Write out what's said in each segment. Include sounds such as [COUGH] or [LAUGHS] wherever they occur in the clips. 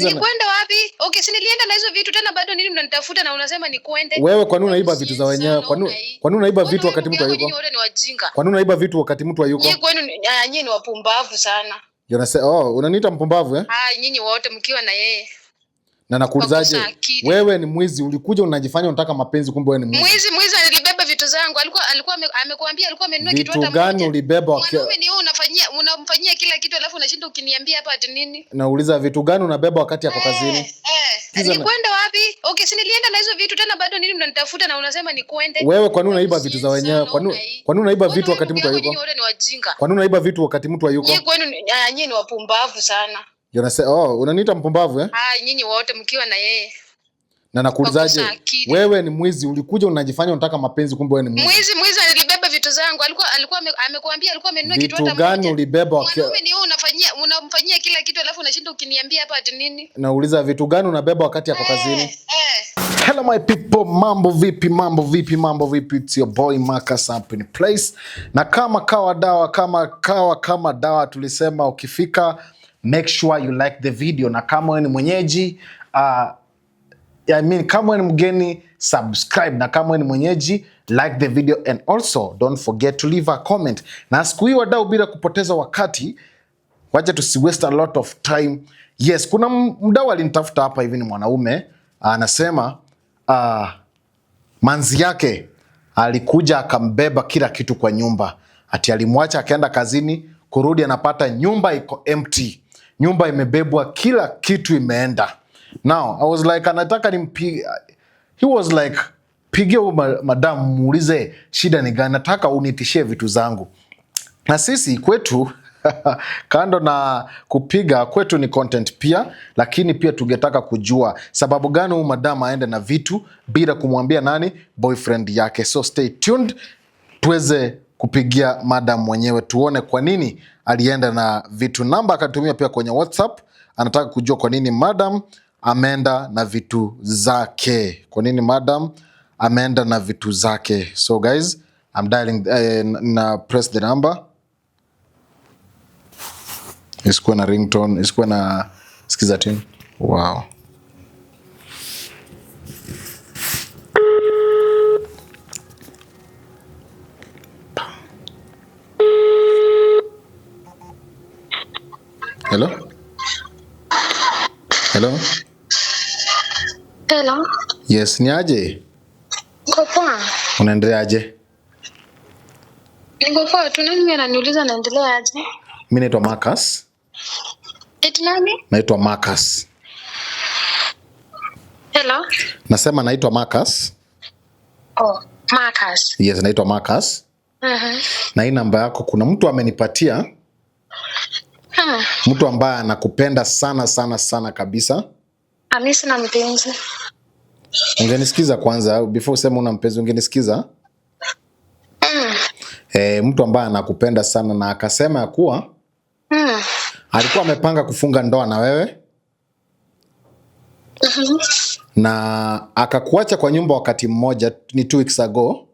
tatizo nikwenda wapi? Okay, si nilienda na hizo vitu tena, bado nini mnanitafuta na unasema ni kuende wewe? Kwani unaiba vitu za wenyewe? Kwani kwani unaiba vitu wakati mtu hayuko? Kwani unaiba vitu wakati mtu hayuko? Nyinyi kwenu nyinyi ni wapumbavu sana. Oh, unaniita mpumbavu eh? Ah, nyinyi wote mkiwa na yeye na nakuulizaje, wewe ni mwizi? Ulikuja unajifanya unataka mapenzi, kumbe wewe ni mwizi. Mwizi mwizi alibeba vitu zangu, alikuwa alikuwa amekuambia, alikuwa amenunua kitu hata. Vitu gani ulibeba? Mwanaume ni wewe, unafanyia unamfanyia kila kitu, alafu unashinda ukiniambia hapa ati nini? Nauliza vitu gani unabeba wakati yako eh, kazini? Eh, nilikwenda wapi? Okay, si nilienda na hizo vitu tena, bado nini unanitafuta na unasema nikuende wewe? Kwa nini unaiba vitu za wenyewe? Kwa nini kwa nini unaiba vitu wakati mtu hayuko? Kwa nini unaiba vitu wakati mtu hayuko? Nyinyi kwenu ah, nyinyi ni wapumbavu sana. Yonase, oh, unaniita mpumbavu eh? Ah, nyinyi wote mkiwa na yeye. Na nakuulizaje? Wewe ni mwizi, ulikuja unajifanya unataka mapenzi kumbe wewe ni mwizi. Mwizi, mwizi alibeba vitu zangu. Alikuwa alikuwa amekuambia alikuwa amenunua kitu hata mmoja. Vitu gani ulibeba? Wewe ni unafanyia unamfanyia kila kitu alafu unashinda ukiniambia hapa ati nini? Nauliza vitu gani unabeba wakati yako eh, kazini? Eh, eh. Hello my people, mambo vipi, mambo vipi, mambo vipi, it's your boy Marcus up in place. Na kama kawa dawa kama kawa kama dawa tulisema ukifika make sure you like the video, na kama wewe ni mwenyeji uh, I mean, kama wewe ni mgeni subscribe, na kama wewe ni mwenyeji like the video and also don't forget to leave a comment. Na siku hii wadau, bila kupoteza wakati, wacha tusi waste a lot of time. Yes, kuna mdau alinitafuta hapa hivi, ni mwanaume anasema uh, manzi yake alikuja akambeba kila kitu kwa nyumba, ati alimwacha akaenda kazini, kurudi anapata nyumba iko empty nyumba imebebwa, kila kitu imeenda. Now I was like, anataka nimpige. He was like, pigia huyu madamu muulize shida ni gani, nataka unitishie vitu zangu. Na sisi kwetu [LAUGHS] kando na kupiga kwetu ni content pia, lakini pia tungetaka kujua sababu gani huyu madamu aende na vitu bila kumwambia nani boyfriend yake. So stay tuned tuweze kupigia madam mwenyewe, tuone kwa nini alienda na vitu. Namba akatumia pia kwenye WhatsApp, anataka kujua kwa nini madam ameenda na vitu zake, kwa nini madam ameenda na vitu zake. So guys I'm dialing, uh, na press the number, isikuwa na ringtone, isikuwa na sikiza tune. Wow. Hello? Hello? Hello? Yes, ni aje? Niko poa. Unaendelea aje? Niko poa, tu nani ananiuliza naendelea aje? Mimi naitwa Marcus. Eti nani? Naitwa Marcus. Hello? Nasema naitwa Marcus. Oh, Marcus. Yes, naitwa Marcus. Uh -huh. Na hii namba yako kuna mtu amenipatia sana. Mtu ambaye anakupenda sana sana sana kabisa. Mimi sina mpenzi. Ungenisikiza kwanza before useme una mpenzi, ungenisikiza? Mm. E, mtu ambaye anakupenda sana na akasema ya kuwa mm. alikuwa amepanga kufunga ndoa na wewe mm -hmm. na akakuacha kwa nyumba wakati mmoja, ni two weeks ago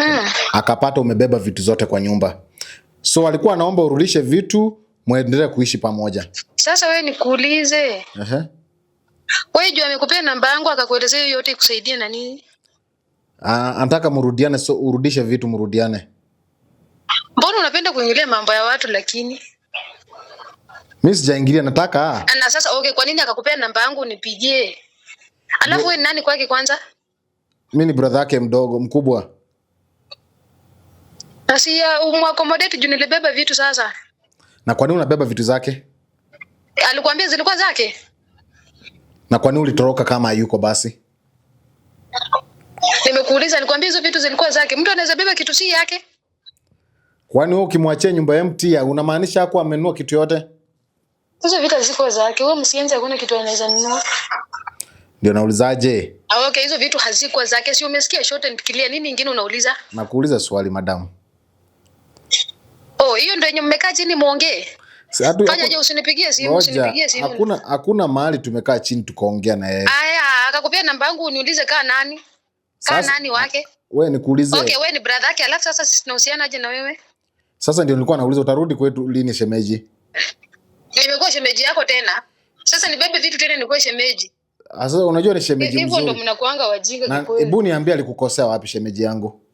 mm. akapata umebeba vitu zote kwa nyumba So alikuwa anaomba urudishe vitu muendelee kuishi pamoja. Sasa wewe nikuulize. Ehe. Uh -huh. Wewe jua amekupea namba yangu akakuelezea hiyo yote ikusaidie na nini? Ah, anataka murudiane, so urudishe vitu murudiane. Mbona unapenda kuingilia mambo ya watu lakini? Mimi sijaingilia nataka. Na sasa okay, kwa nini akakupea namba yangu nipigie? Alafu wewe nani kwake kwanza? Mimi ni brother yake mdogo mkubwa. Asia umwakomodate juu nilibeba vitu sasa. Na kwa nini unabeba vitu zake? Alikwambia zilikuwa zake. Na kwa nini ulitoroka kama yuko basi? Nimekuuliza, alikwambia hizo vitu zilikuwa zake. Mtu anaweza beba kitu si yake? Kwani wewe ukimwachia nyumba ya empty unamaanisha hakuwa amenunua kitu yote? Hizo vitu hazikuwa zake. Wewe msianze hakuna kitu anaweza nunua. Ndio naulizaje? Ah, okay, hizo vitu hazikuwa zake. Si umesikia short and clear. Nini nyingine unauliza? Nakuuliza swali madamu. Oh, hiyo ndio yenye mmekaa chini muongee. Fanya je, usinipigie simu, usinipigie simu. Hakuna hakuna mahali tumekaa chini tukaongea na yeye. Aya, akakupea namba yangu uniulize kaa nani? Kaa nani wake? Wewe nikuulize. Okay, wewe ni brother yake, alafu sasa sisi tunahusiana aje na wewe? Sasa ndio nilikuwa nauliza utarudi kwetu lini shemeji? Nimekuwa shemeji yako tena. Sasa nibebe vitu tena nikuwe shemeji. Ah, sasa unajua ni shemeji mzuri. Hivyo ndio mnakuanga wajinga kwa kweli. Hebu niambie alikukosea wapi shemeji yangu?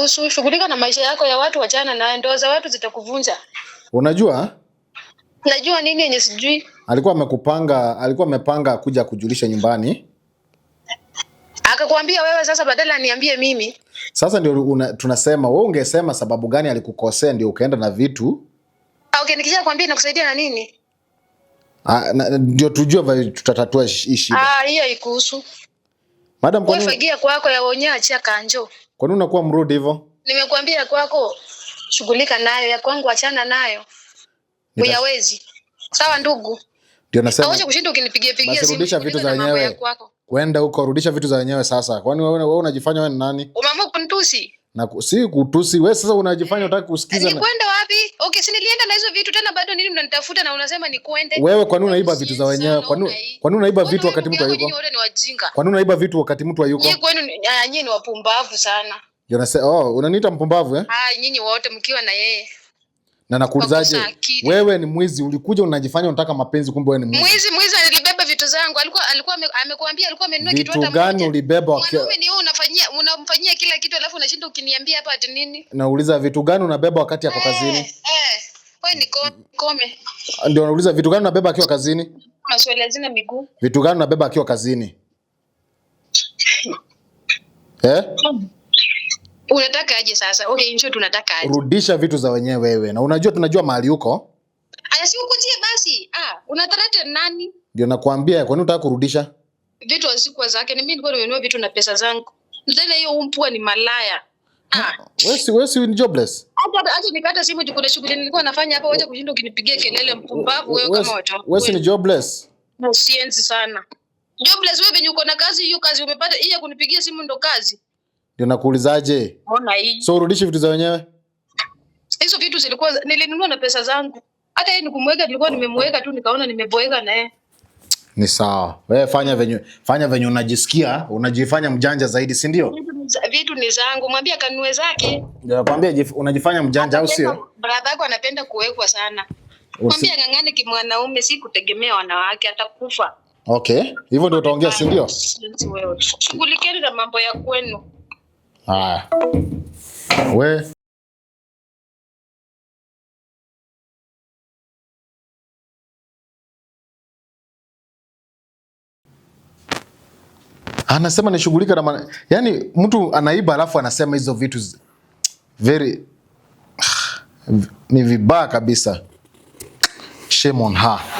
maisha shughulika na maisha yako ya watu, wachana na ndoa za watu, zitakuvunja. Unajua, najua nini yenye sijui. Alikuwa amekupanga, alikuwa amepanga kuja kujulisha nyumbani, akakwambia wewe. Sasa badala niambie mimi, sasa ndio una, tunasema wewe ungesema sababu gani alikukosea, ndio ukaenda na vitu. Ah, okay, nikija kwambia nakusaidia na nini? Ah, ndio tujue vile tutatatua hii shida. Ah, hiyo ikuhusu. Madam, kwa nini? Wewe fagia kwako yaonye achia kanjo. Kwa nini unakuwa mrudi hivyo? Nimekuambia kwako shughulika nayo, ya kwangu achana nayo. huyawezi. Sawa ndugu. Ndio nasema. hawezi kushinda ukinipigia pigia simu. Rudisha vitu za wenyewe. Kwenda huko rudisha vitu za wenyewe sasa. Kwani wewe unajifanya wewe ni nani? Umeamua kunitusi na si kutusi. Wewe sasa unajifanya eh, unataka kusikiza na kwenda wapi? Okay, si nilienda na hizo vitu tena, bado nini mnanitafuta na unasema ni kwende. Wewe kwa nini unaiba vitu za wenyewe? Kwa nini kwa nini unaiba vitu wakati mtu hayuko? Wewe ni wajinga. Kwa nini unaiba vitu wakati mtu hayuko? Yeye kwenu ah, nyinyi ni wapumbavu sana. Unasema oh, unaniita mpumbavu eh? Ah, nyinyi wote mkiwa na yeye na nakuulizaje, wewe ni mwizi? Ulikuja unajifanya unataka mapenzi, kumbe wewe ni mwizi. Mwizi mwizi alibeba vitu zangu, alikuwa alikuwa amekuambia, alikuwa amenunua kitu. hata Vitu gani ulibeba? Mwanaume ni wewe, unafanyia unamfanyia kila kitu, alafu unashinda ukiniambia hapa ati nini? Nauliza vitu gani unabeba wakati yako eh, kazini? Eh, eh, wewe ni kome. Ndio nauliza vitu gani unabeba akiwa kazini? Maswali hazina miguu. Vitu gani unabeba akiwa kazini? eh Unataka aje sasa? Okay, njoo tunataka aje. Rudisha vitu za wenyewe wewe. Na unajua tunajua mahali uko. Aya si ukutie basi. Ah, unatarate nani? Ndio nakwambia, kwa nini unataka kurudisha? Vitu hazikuwa zake. Ni mimi nilikuwa nimenunua vitu na pesa zangu. Mzee hiyo umpua ni malaya. Ah. ah, wewe si wewe si ni jobless. Hata hata nikata simu jukuna shughuli nilikuwa nafanya hapa, waje kushinda ukinipigia kelele mpumbavu wewe kama watu. Wewe si ni jobless. Usienzi sana. Jobless wewe venye uko na kazi, hiyo kazi umepata, hii kunipigia simu ndo kazi. Ndio nakuulizaje? Mbona hii? So urudishi vitu za wenyewe? Hizo vitu zilikuwa nilinunua na pesa zangu. Hata yeye nikumweka nilikuwa nimemweka tu nikaona nimeboeka na yeye. Ni sawa. Wewe fanya venye fanya venye unajisikia, unajifanya mjanja zaidi, si ndio? Vitu ni zangu, mwambie akanunue zake. Ndio nakwambia unajifanya mjanja au sio? Brada yako anapenda kuwekwa sana. Usi... Mwambie ang'ang'ane kimwanaume, si kutegemea wanawake atakufa. Okay. Hivyo ndio utaongea, si ndio? Shughulikieni na mambo ya kwenu. Haya, we anasema nishughulika na man... yani, mtu anaiba alafu anasema hizo vitu very ni vibaya kabisa. Shame on her.